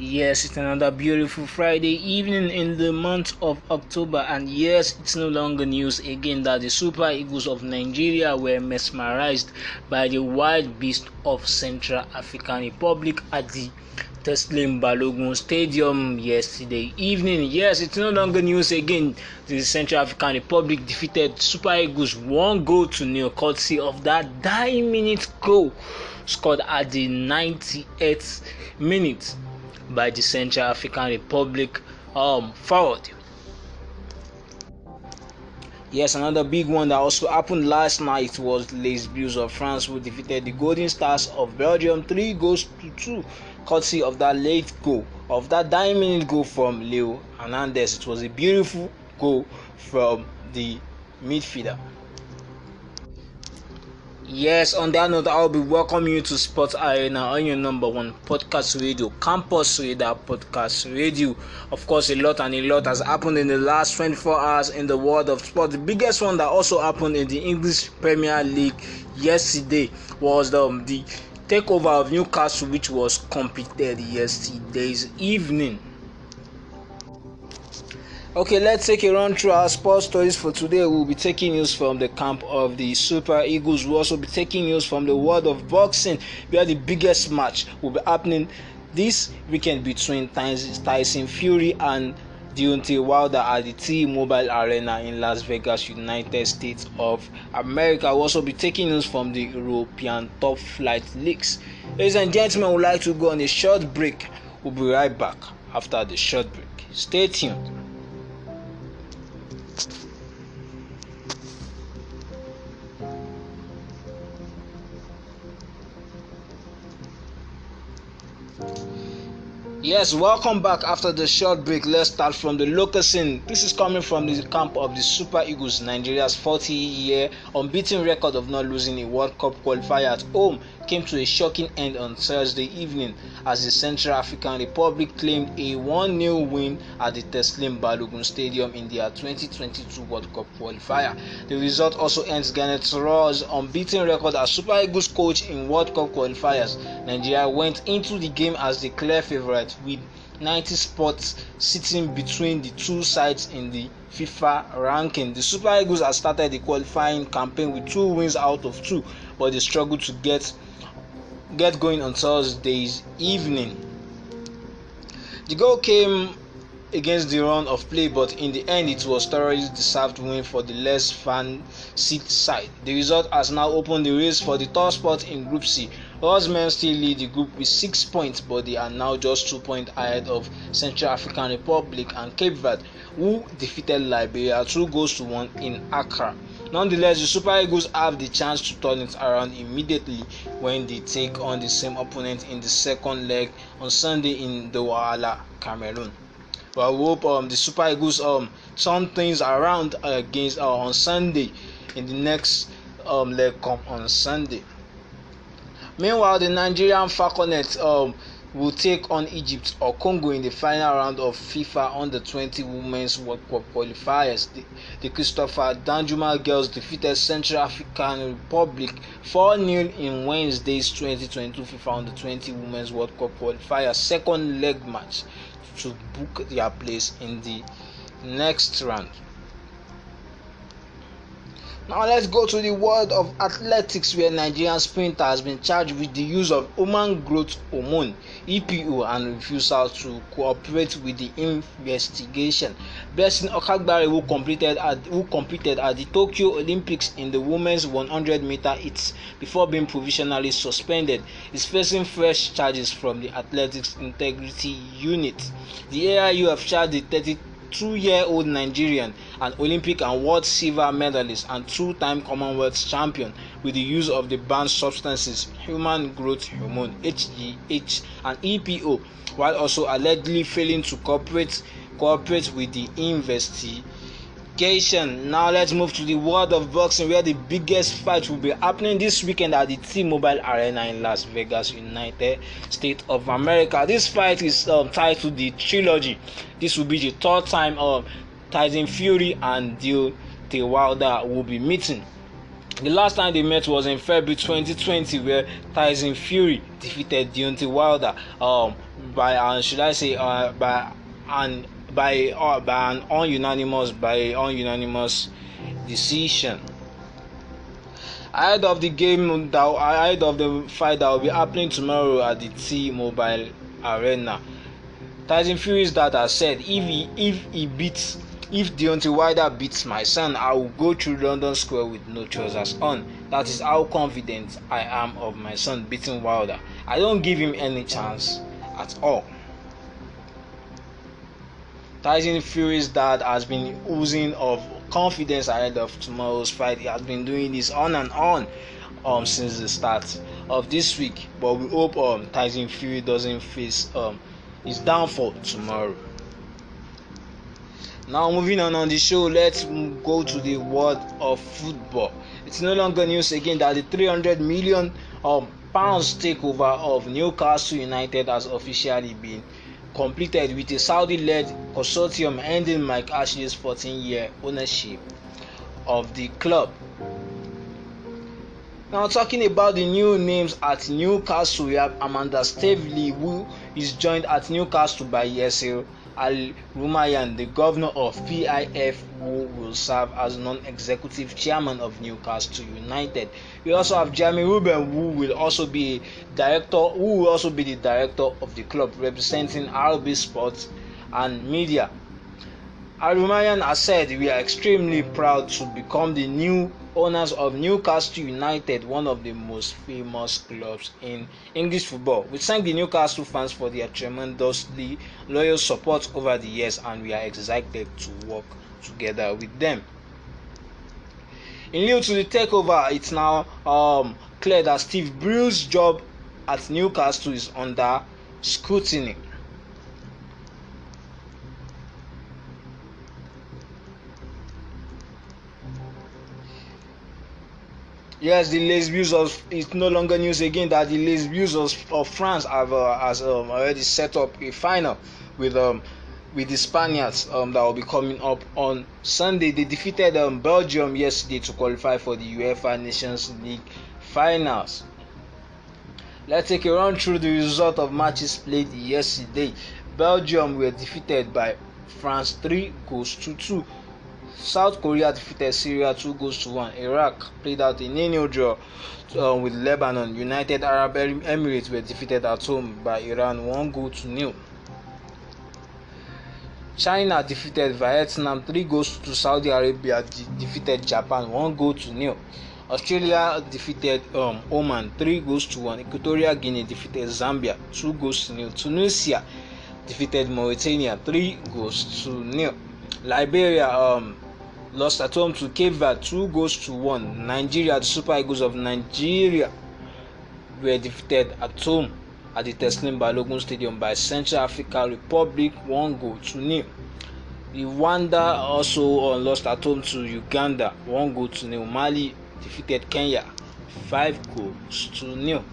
Yes, it's another beautiful Friday evening in the month of October, and yes, it's no longer news again that the Super Eagles of Nigeria were mesmerized by the wild beast of Central African Republic at the Teslim Balogun Stadium yesterday evening. Yes, it's no longer news again. The Central African Republic defeated Super Eagles one goal to nil, courtesy of that dying minute goal scored at the 98th minute by the Central African Republic um, forward. Yes, another big one that also happened last night was Les Bleus of France who defeated the Golden Stars of Belgium three goals to two, courtesy of that late goal, of that diamond goal from Leo Hernandez. It was a beautiful goal from the midfielder. Yes, on that note, I'll be welcoming you to Sports Arena on your number one podcast radio, Campus Radar Podcast Radio. Of course, a lot and a lot has happened in the last 24 hours in the world of sport. The biggest one that also happened in the English Premier League yesterday was the, um, the takeover of Newcastle, which was completed yesterday's evening. Okay, let's take a run through our sports stories for today. We'll be taking news from the camp of the Super Eagles. We'll also be taking news from the world of boxing, where the biggest match will be happening this weekend between Tyson Fury and Deontay Wilder at the T-Mobile Arena in Las Vegas, United States of America. We'll also be taking news from the European top flight leagues. Ladies and gentlemen, we'd like to go on a short break. We'll be right back after the short break. Stay tuned. Yes, welcome back after the short break. Let's start from the local scene. This is coming from the camp of the Super Eagles, Nigeria's 40 year unbeaten record of not losing a World Cup qualifier at home came to a shocking end on Thursday evening as the Central African Republic claimed a 1 0 win at the Teslim Balogun Stadium in their 2022 World Cup qualifier. The result also ends Garnet Raw's unbeaten record as Super Eagles coach in World Cup qualifiers. Nigeria went into the game as the clear favourite with 90 spots sitting between the two sides in the FIFA ranking. The Super Eagles have started the qualifying campaign with two wins out of two, but they struggled to get get going on Thursday's evening. The goal came against the run of play, but in the end, it was thoroughly deserved win for the less fan fancied side. The result has now opened the race for the top spot in Group C. Rosmen still lead the group with six points, but they are now just two points ahead of Central African Republic and Cape Verde, who defeated Liberia two goals to one in Accra. Nonetheless, the Super Eagles have the chance to turn it around immediately when they take on the same opponent in the second leg on Sunday in Douala, Cameroon. But I hope um, the Super Eagles um, turn things around against uh, on Sunday in the next um, leg come on Sunday. Meanwhile, the Nigerian Falconets um, will take on Egypt or Congo in the final round of FIFA Under 20 Women's World Cup qualifiers. The, the Christopher Danjuma girls defeated Central African Republic 4 0 in Wednesday's 2022 FIFA Under 20 Women's World Cup qualifier second leg match to book their place in the next round. Now let's go to the world of athletics where Nigerian sprinter has been charged with the use of human growth hormone EPO and refusal to cooperate with the investigation. Blessing Okagbare who completed at who competed at the Tokyo Olympics in the women's 100 meter heats before being provisionally suspended is facing fresh charges from the Athletics Integrity Unit. The AIU have charged the 32 year old Nigerian an Olympic and World Silver medalist and two time Commonwealth champion with the use of the banned substances human growth hormone HGH and EPO, while also allegedly failing to cooperate, cooperate with the investigation. Now let's move to the world of boxing where the biggest fight will be happening this weekend at the T-Mobile Arena in Las Vegas, United States of America. This fight is um, titled the Trilogy. This will be the third time um, Tyson Fury and Deontay Wilder will be meeting. The last time they met was in February 2020, where Tyson Fury defeated Deontay Wilder um, by, uh, should I say, uh, by an by uh, by an ununanimous by ununanimous decision. Ahead of the game, that, ahead of the fight that will be happening tomorrow at the T-Mobile Arena, Tyson Fury is that has said if he if he beats if Deontay Wilder beats my son, I will go through London Square with no trousers on. That is how confident I am of my son beating Wilder. I don't give him any chance at all. Tyson Fury's dad has been oozing of confidence ahead of tomorrow's fight. He has been doing this on and on um, since the start of this week, but we hope um, Tyson Fury doesn't face um, his downfall tomorrow. Now, moving on on the show, let's go to the world of football. It's no longer news again that the 300 million um, pounds takeover of Newcastle United has officially been completed with a Saudi led consortium ending Mike Ashley's 14 year ownership of the club. Now, talking about the new names at Newcastle, we have Amanda Staveley, who is joined at Newcastle by ESL Al Rumayan, the governor of PIF, who will serve as non executive chairman of Newcastle United. We also have Jeremy Ruben, who will also be director, who will also be the director of the club representing RB Sports and Media. Arumayan has said, We are extremely proud to become the new owners of Newcastle United, one of the most famous clubs in English football. We thank the Newcastle fans for their tremendously loyal support over the years, and we are excited to work together with them. In lieu to the takeover, it's now um, clear that Steve Bruce's job at Newcastle is under scrutiny. Yes, the Les of it's no longer news again that the Les of, of France have uh, has um, already set up a final with um with the Spaniards um that will be coming up on Sunday. They defeated um Belgium yesterday to qualify for the UEFA Nations League finals. Let's take a run through the result of matches played yesterday. Belgium were defeated by France 3 goals to 2. South Korea defeated Syria two goals to one. Iraq played out a nil-nil draw uh, with Lebanon. United Arab Emirates were defeated at home by Iran one goal to nil. China defeated Vietnam three goals to Saudi Arabia de defeated Japan one goal to nil. Australia defeated um, Oman three goals to one. Equatorial Guinea defeated Zambia two goals to nil. Tunisia defeated Mauritania three goals to nil. Liberia um, lost at home to Cape Verde two goals to one. Nigeria, the Super Eagles of Nigeria, were defeated at home at the Teslim Balogun Stadium by Central African Republic one goal to nil. Rwanda also lost at home to Uganda one goal to nil. Mali defeated Kenya five goals to nil.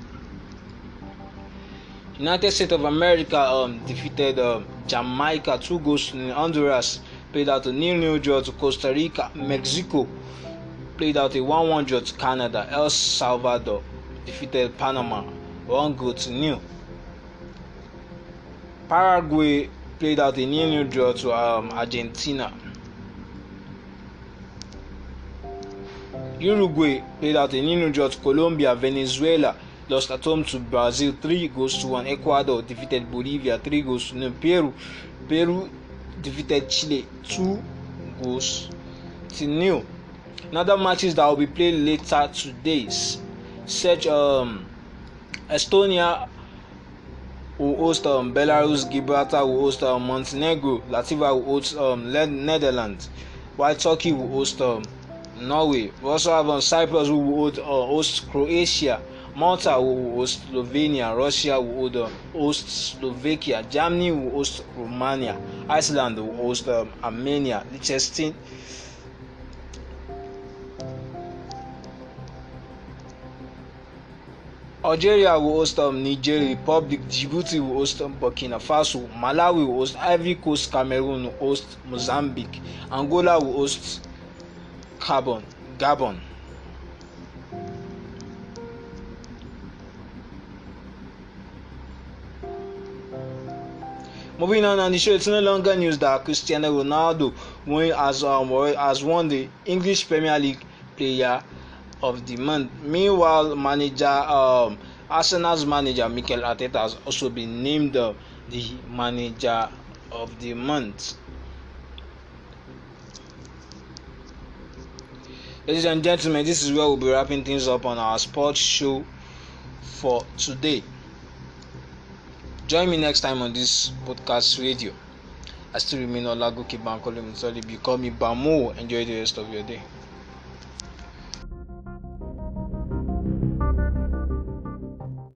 United States of America um, defeated um, Jamaica two goals to nil. Honduras played out a New nil draw to Costa Rica. Mexico played out a 1 1 draw to Canada. El Salvador defeated Panama 1 go to New. Paraguay played out a new nil draw to um, Argentina. Uruguay played out a new nil draw to Colombia. Venezuela lost at home to Brazil 3 goals to 1. Ecuador defeated Bolivia 3 goals to one. Peru Peru defeated Chile two goals to nil. Another matches that will be played later today's such um, Estonia will host um, Belarus, Gibraltar will host um, Montenegro, Latvia will host um, Netherlands, while Turkey will host um, Norway. We also have um, Cyprus who will host, uh, host Croatia. Malta will host Slovenia, Russia will um, host Slovakia, Germany will host Romania, Iceland will host um, Armenia, Liechtenstein. Algeria will host um, Niger Republic, Djibouti will host um, Burkina Faso, Malawi will host Ivory Coast, Cameroon will host Mozambique, Angola will host Gabon. Gabon. Moving on, on the show, it's no longer news that Cristiano Ronaldo won as um has won the English Premier League Player of the Month. Meanwhile, manager um, Arsenal's manager Mikel Arteta has also been named uh, the manager of the month. Ladies and gentlemen, this is where we'll be wrapping things up on our sports show for today. Join me next time on this podcast radio. I still remain Olagoke Bankole call me Bamu, Enjoy the rest of your day.